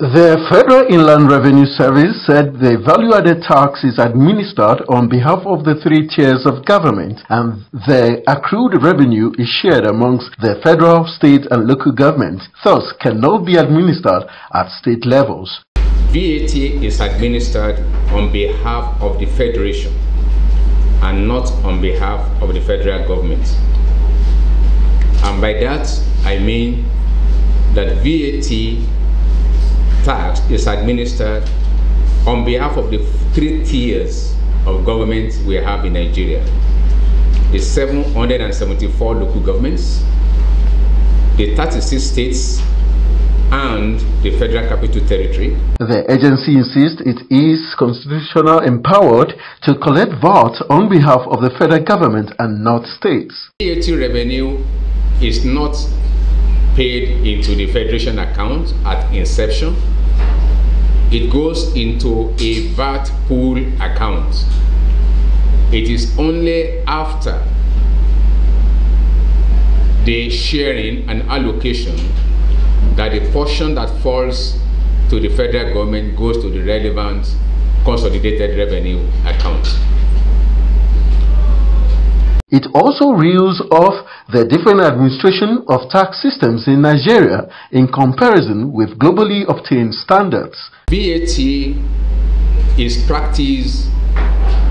The Federal Inland Revenue Service said the value added tax is administered on behalf of the three tiers of government and the accrued revenue is shared amongst the federal, state, and local governments, thus, cannot be administered at state levels. VAT is administered on behalf of the Federation and not on behalf of the federal government. And by that, I mean that VAT tax is administered on behalf of the three tiers of government we have in Nigeria. The 774 local governments, the 36 states, and the Federal Capital Territory. The agency insists it is constitutional empowered to collect votes on behalf of the federal government and not states. VAT revenue is not paid into the federation account at inception it goes into a VAT pool account. It is only after the sharing and allocation that the portion that falls to the federal government goes to the relevant consolidated revenue account. It also reels off the different administration of tax systems in Nigeria in comparison with globally obtained standards. VAT is practiced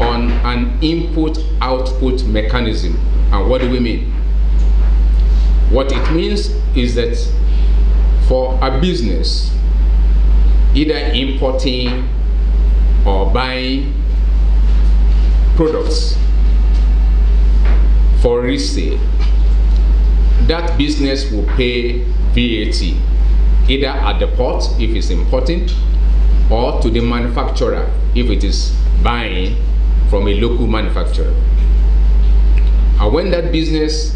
on an input-output mechanism. And what do we mean? What it means is that for a business, either importing or buying products for resale, that business will pay VAT either at the port if it's importing or to the manufacturer if it is buying from a local manufacturer. And when that business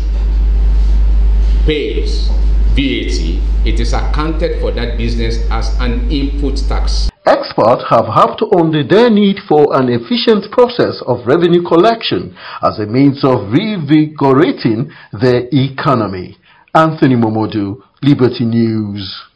pays VAT, it is accounted for that business as an input tax. Experts have harped on the their need for an efficient process of revenue collection as a means of revigorating their economy. Anthony Momodu, Liberty News.